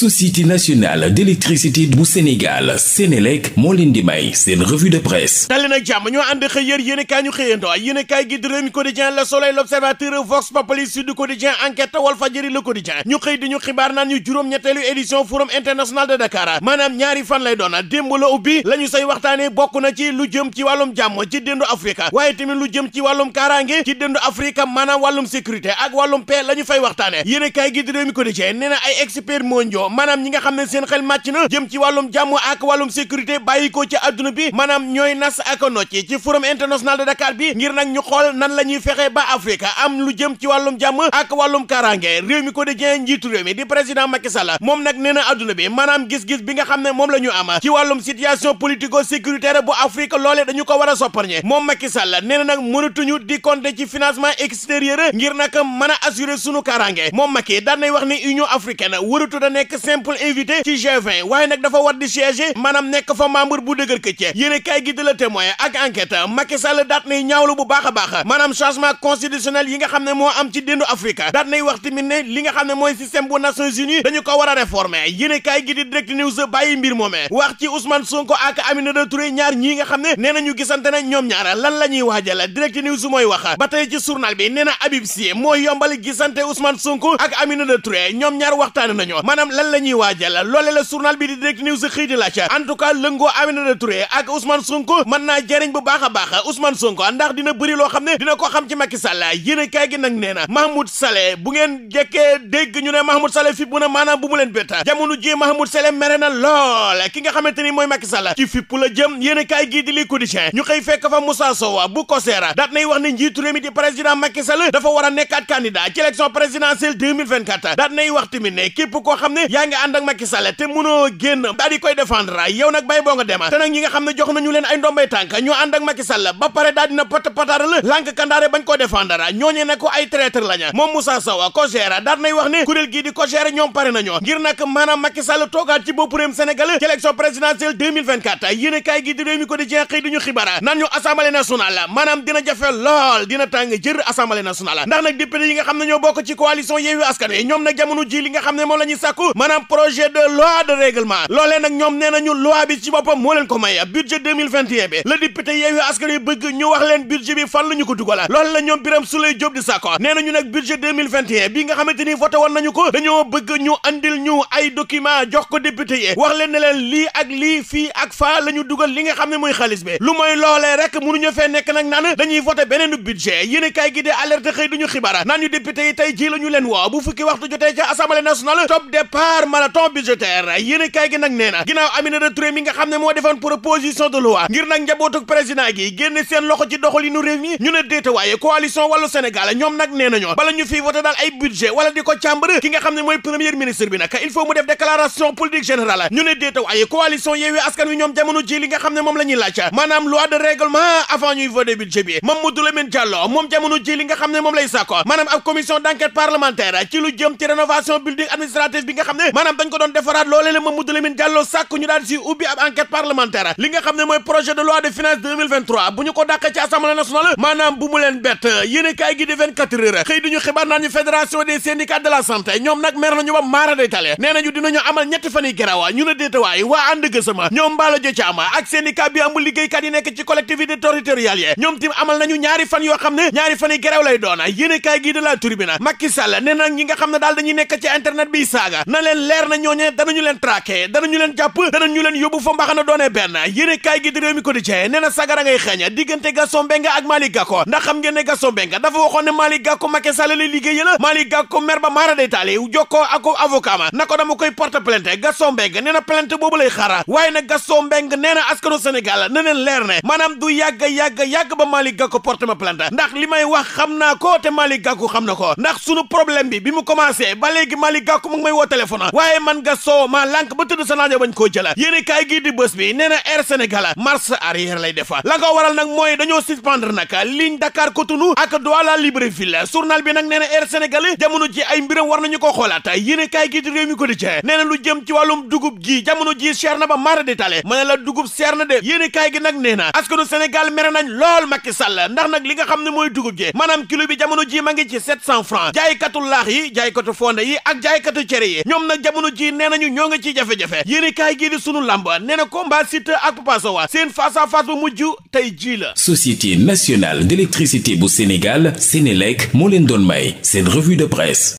société nationale d'électricité bu Sénégal Sénélec moo leen di may seen revue de presse dali nag jàmm ñoo ànd xëy yér yéen kaay ñu xëyando yéen a kaay gi di Rewmi Quotidien Le Soleil L'Observateur Vox Populi Sud Quotidien Enquête Walfadjri Le Quotidien ñu xëy di ñu xibaar naan ñu juróom-ñetteelu édition forum international de Dakar maanaam ñaari fan lay doon démb la ubbi la ñu say waxtaane bokk na ci lu jëm ci wàllum jàmm ci déndu Afrique waaye tamit lu jëm ci wàllum kaaraange ci déndu Afrique maanaam wàllum sécurité ak wàllum paix la ñu fay waxtaane yéen a gi di Rewmi Quotidien nee na ay experts maanaam ñi nga xam ne seen xel màcc na jëm ci wàllum jàmm ak wàllum sécurité bàyyi ko ci adduna bi maanaam ñooy nas ak nocci ci forum international de Dakar bi ngir nag ñu xool nan la ñuy fexe ba Afrique am lu jëm ci wàllum jàmm ak wàllum karange réew mi ko di jeen njiitu réew mi di président Macky Sall moom nag nee na adduna bi maanaam gis-gis bi nga xam ne moom la ñu am ci wàllum situation politico sécuritaire bu Afrique loolee dañu ko war a sopparñe moom Macky Sall nee na nag mënatuñu di compter ci financement extérieur ngir nag mën a assurer sunu karange moom Macky daan nay wax ne Union africaine waratu da nekk simple invité ci g waaye nag dafa war di siège maanaam nekk fa membre bu dëgër këcce yéen a kaay gi de la témoin ak enquête Macky Sall daat nay ñaawlu bu baax a baax maanaam changement constitutionnel yi nga xam ne moo am ci déndu Afrique daat nay wax tamit ne li nga xam ne mooy système bu Nations Unies dañu ko war a réformer yéen a kaay gi di direct news bàyyi mbir moomee wax ci Ousmane Sonko ak Aminata Touré ñaar ñi nga xam ne nee nañu gisante na ñoom ñaara lan la ñuy waajal direct news mooy wax ba bi nee na Habib Sy moo yombal gisante Ousmane Sonko ak Aminata Touré ñoom ñaar waxtaan nañu maanaam lan lan la ñuy waajal loole la journal bi di direct news xëy di laaj en tout cas lëngoo Aminata Touré ak Ousmane Sonko mën naa jëriñ bu baax a baax Ousmane Sonko ndax dina bëri loo xam ne dina ko xam ci Macky Sall yéen kaay gi nag nee na Mahmoud Saleh bu ngeen jekkee dégg ñu ne Mahmoud Saleh fi bu na maanaam bu mu leen bett jamono ji Mahmoud Saleh mere na lool ki nga xamante ni mooy Macky Sall ci fipp la jëm yéen kaay gii di li ñu xëy fekk fa Moussa Sow bu COSERA daat nay dafa a nekkaat candidat ci élection présidentielle 2024 daat koo xam ne yaa ngi ànd ak te mënoo génn daal di koy nag bay boo nga dema te nag ñi nga xam ne jox nañu leen ay ndombay tànk ñoo ànd ak Macky Sall ba pare la lànk kandaare bañ ko défendre ñooñee ne ko ay traître laña moom Moussa Sow COJER daal nay wax ne kuréel gii di ñoom pare nañoo ngir nag maanaam Macky toogaat ci bopp réewum Sénégal ci élection présidentielle 2024 yéene kaay gi di réew mi ko di ci coalition Yewwi maanaam projet de loi de règlement loolee nag ñoom nee nañu loi bi ci boppam moo leen ko may budget bi la député Yewwi Askan bëgg ñu wax leen budget bi fan la ñu ko dugala loolu la ñoom Birame Souleye Diop di sàkko nee nañu nag ko dañoo bëgg ñu andil ñu ay document jox ko député yi wax leen ne leen lii ak lii fii ak faa la ñu dugal li nga xam ne mooy xaalis bi lu mooy loolee rek mënuñu fee nekk nag naan dañuy voté beneen budget yéen kay gi di alerte xëy duñu xibaar naan ñu député yi tey ji la ñu leen woo bu fukki car marathon budgétaire yéen i gi nag nee na ginnaaw Aminata Touré nga xam ne moo defoon proposition de loi ngir nag njabootuk président gi génne seen loxo ci doxalinu réew mi ñu ne déete waaye coalition wàllu Sénégal ñoom nag nee nañoo bala ñu fii voté daal ay budget wala di ko càmbar ki nga xam ne mooy premier ministre bi nag il faut mu def déclaration politique générale ñu ne déete waaye coalition Yewwi Askan Wi ñoom jamono ji li nga xam ne ne maanaam dañ ko doon defaraat loolee la Mamadou Lamine Diallo sàkk ñu daal ubbi ab enquête parlementaire xam ne mooy projet de loi de finance bu ñu ko dàqee ci assemblée nationale maanaam bu mu leen bett yéene kaay gi di 24 heures xëy naan ñu fédération des syndicats de la santé ñoom nag mer nañu ba maara day tale nee nañu dinañu amal ñetti fan yi gerawa ñu ne déetawaay waa ànd gësama ñoom mbaala jo ci ak syndicat bi amul liggéeykat yi leen leer na ñooñee danañu leen traqué danañu leen jàpp danañu leen yóbbu fa mbaxana doonee benn yéen kaay gi mi ko di cee nee sagara ngay xëñ diggante Gaston Mbengue ak Malick Gakou ndax xam ngeen ne dafa waxoon ne Malick Gakou Macky liggéey la Malick Gakou mer ba maara day taali jokkoo ak avocat ma na ko dama koy porte plainte Gaston Mbengue nee na plainte boobu lay xaara waaye nag askanu Sénégal na leen leer du yàgg yàgg yàgg ma plainte ndax li may wax xam bi bi mu commencé ba léegi Malick na waaye man nga soow maa lànk ba tudd sa naajo bañ koo jëla yéen kaay gii di bés bi nee na Air Sénégal marche arrière lay defa la ko waral nag mooy dañoo suspendre nag ligne Dakar Cotonou ak Douala Libreville journal bi nag nee na Air Sénégal jamono ji ay mbiram war nañu ko xoolaat yéen kaay gii di réew mi ko di cee nee lu jëm ci wàllum dugub ji jamono ji cher na ba mara détale ma ne la dugub cher na de yéen kay gi nag nee na askanu Sénégal mere nañ lool Macky Sall ndax nag li nga xam ne mooy dugub ji maanaam kilo bi jamono ji ma ngi ci sept cent francs jaaykatu laax yi jaaykatu fonde yi jaaykatu cere yi ñoom nag jamono jii nee nañu ñoo nga ciy jafe-jafe kaay gii di sunu làmb nee na combat Siteu ak Papa Sow seen face à face bu tey ji la Société nationale d'électricité bu Sénégal Sénélec moo leen doon may seen revue de presse